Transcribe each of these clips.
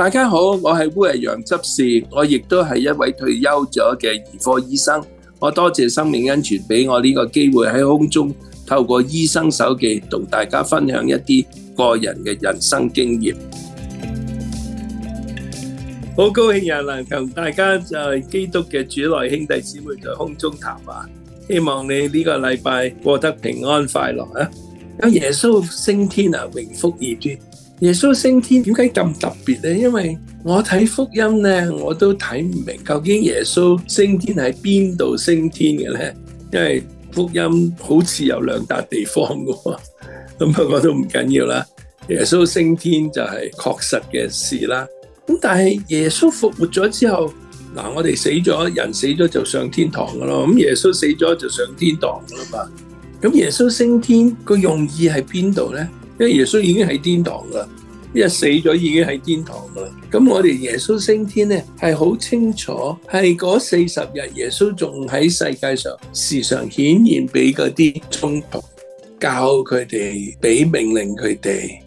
大家好，我係烏羊執事，我亦都係一位退休咗嘅兒科醫生。我多謝生命恩泉俾我呢個機會喺空中透過醫生手記同大家分享一啲個人嘅人生經驗。好高興又能夠同大家在基督嘅主內兄弟姊妹在空中談話。希望你呢個禮拜過得平安快樂啊！咁耶穌升天啊，榮福二端。耶穌升天點解咁特別呢？因為我睇福音呢，我都睇唔明究竟耶穌升天喺邊度升天嘅呢。因為福音好似有兩笪地方嘅喎。咁不過都唔緊要啦。耶穌升天就係確實嘅事啦。咁但係耶穌復活咗之後，嗱我哋死咗，人死咗就上天堂嘅咯。咁耶穌死咗就上天堂嘅啦嘛。咁耶穌升天個用意喺邊度呢？因為耶穌已經喺天堂啦。一死咗已經喺天堂啦，咁我哋耶穌升天咧係好清楚，係嗰四十日耶穌仲喺世界上，時常顯現俾嗰啲宗徒教佢哋，俾命令佢哋。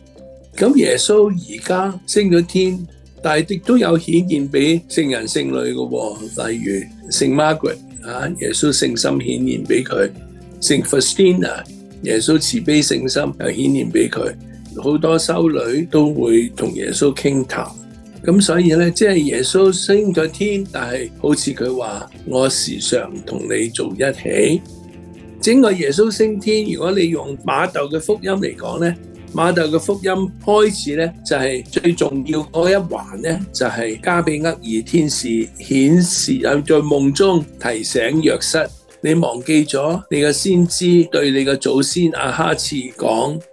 咁耶穌而家升咗天，但係亦都有顯現俾聖人聖女嘅，例如聖 Margaret 啊，耶穌聖心顯現俾佢；聖 Faustina，耶穌慈悲聖心又顯現俾佢。好多修女都會同耶穌傾談，談，咁所以呢，即係耶穌升咗天，但係好似佢話我時常同你做一起。整個耶穌升天，如果你用馬竇嘅福音嚟講呢，馬竇嘅福音開始呢，就係最重要嗰一環呢，就係加俾厄爾天使顯示又在夢中提醒約瑟，你忘記咗你嘅先知對你嘅祖先阿、啊、哈次講。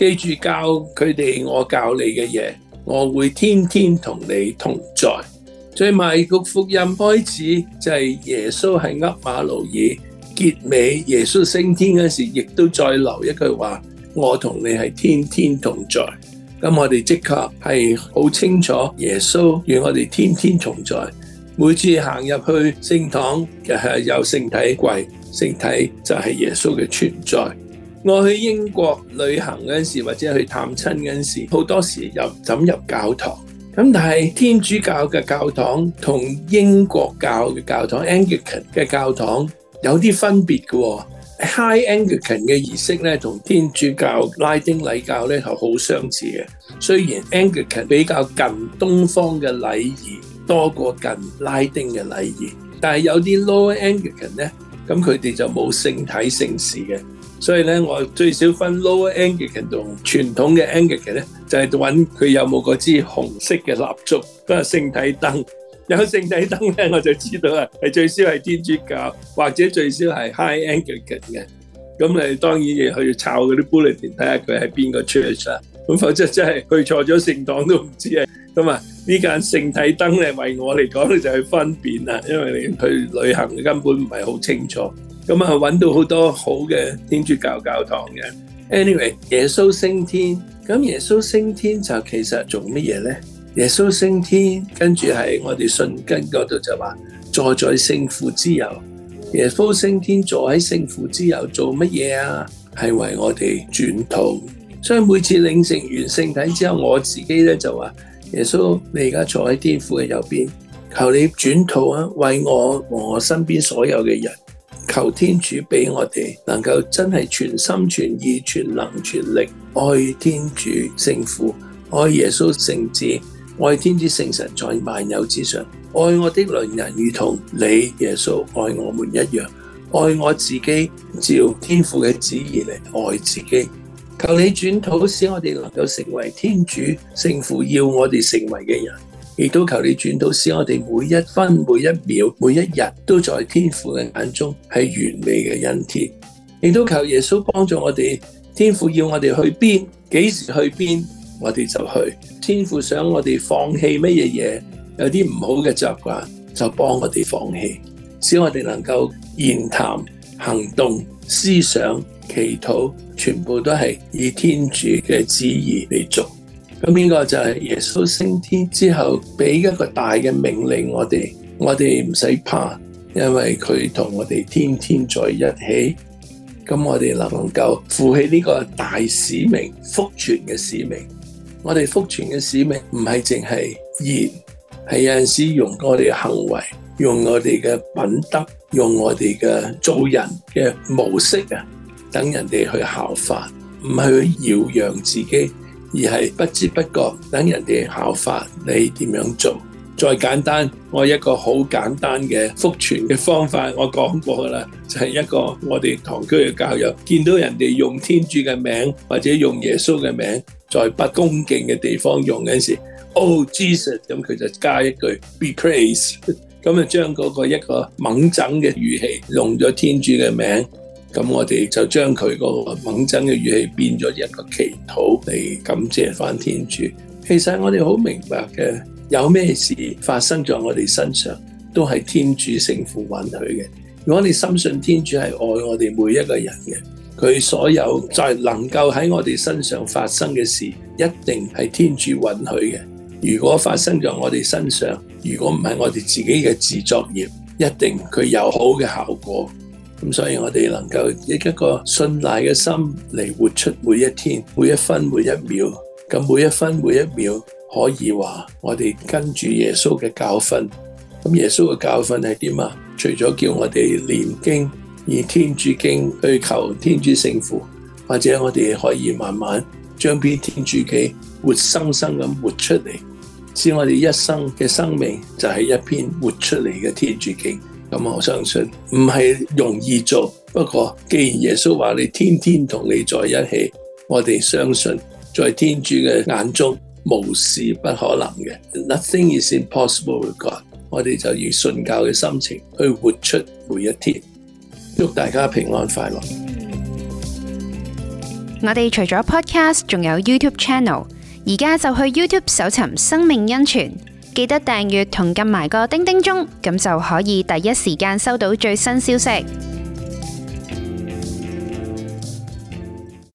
記住教佢哋我教你嘅嘢，我會天天同你同在。最埋個福音開始就係耶穌係厄馬奴爾，結尾耶穌升天嗰時，亦都再留一句話：我同你係天天同在。咁我哋即刻係好清楚耶穌與我哋天天同在。每次行入去聖堂，又係有聖體櫃，聖體就係耶穌嘅存在。我去英國旅行嗰陣時，或者去探親嗰陣時，好多時又走入教堂。咁但係天主教嘅教堂同英國教嘅教堂 Anglican 嘅教堂有啲分別嘅，哦。High Anglican 嘅儀式咧，同天主教拉丁禮教咧，係好相似嘅。雖然 Anglican 比較近東方嘅禮儀多過近拉丁嘅禮儀，但係有啲 Low Anglican 咧。咁佢哋就冇聖體聖事嘅，所以咧我最少分 Lower Anglican 同傳統嘅 Anglican 咧，就係揾佢有冇嗰支紅色嘅蠟燭，嗰個聖體燈。有聖體燈咧，我就知道啦，係最少係天主教或者最少係 High Anglican 嘅。咁你當然亦去抄嗰啲 bulletin 睇下佢係邊個 church 啦。咁否則真係去錯咗聖堂都唔知啊。咁啊～呢間聖體燈咧，為我嚟講咧就係分辨啦，因為你去旅行根本唔係好清楚，咁啊揾到好多好嘅天主教教堂嘅。Anyway，耶穌升天，咁耶穌升天就其實做乜嘢咧？耶穌升天，跟住係我哋信經嗰度就話坐在聖父之右。耶穌升天坐喺聖父之右做乜嘢啊？係為我哋轉禱。所以每次領聖完聖體之後，我自己咧就話。耶穌，你而家坐喺天父嘅右邊，求你轉禱啊，為我和我身邊所有嘅人，求天主畀我哋能夠真係全心全意、全能全力愛天主聖父，愛耶穌聖子，愛天主聖神在萬有之上，愛我的鄰人與同，如同你耶穌愛我們一樣，愛我自己，照天父嘅旨意嚟愛自己。求你轉禱，使我哋能夠成為天主聖父要我哋成為嘅人，亦都求你轉禱，使我哋每一分每一秒每一日都在天父嘅眼中係完美嘅恩典。亦都求耶穌幫助我哋，天父要我哋去邊，幾時去邊，我哋就去。天父想我哋放棄乜嘢嘢，有啲唔好嘅習慣，就幫我哋放棄，使我哋能夠言談、行動、思想。祈禱全部都係以天主嘅旨意嚟做，咁呢個就係耶穌升天之後俾一個大嘅命令我哋，我哋唔使怕，因為佢同我哋天天在一起，咁我哋能夠負起呢個大使命，福傳嘅使命。我哋福傳嘅使命唔係淨係言，係有陣時用我哋嘅行為、用我哋嘅品德、用我哋嘅做人嘅模式啊，等人哋去效法，唔係去耀揚自己，而係不知不覺等人哋效法你點樣做。再簡單，我一個好簡單嘅福傳嘅方法，我講過啦，就係、是、一個我哋堂區嘅教友，見到人哋用天主嘅名或者用耶穌嘅名，在不恭敬嘅地方用緊時，Oh Jesus，咁佢就加一句 Be praised，咁 就將嗰個一個猛整嘅語氣用咗天主嘅名。咁我哋就將佢個猛增嘅語氣變咗一個祈禱嚟感謝翻天主。其實我哋好明白嘅，有咩事發生在我哋身上，都係天主聖父允許嘅。如果你深信天主係愛我哋每一個人嘅，佢所有再能夠喺我哋身上發生嘅事，一定係天主允許嘅。如果發生在我哋身上，如果唔係我哋自己嘅自作孽，一定佢有好嘅效果。咁所以我哋能夠以一個信賴嘅心嚟活出每一天、每一分、每一秒。咁每一分、每一秒可以話我哋跟住耶穌嘅教訓。咁耶穌嘅教訓係點呀？除咗叫我哋念經，以天主經去求天主聖父，或者我哋可以慢慢將篇天主經活生生咁活出嚟，使我哋一生嘅生命就係一篇活出嚟嘅天主經。咁我相信唔係容易做，不過既然耶穌話你天天同你在一起，我哋相信在天主嘅眼中無事不可能嘅，nothing is impossible with God。我哋就以信教嘅心情去活出每一天。祝大家平安快樂。我哋除咗 Podcast，仲有 YouTube Channel，而家就去 YouTube 搜尋生命恩泉。記得訂閱同撳埋個叮叮鐘，咁就可以第一時間收到最新消息。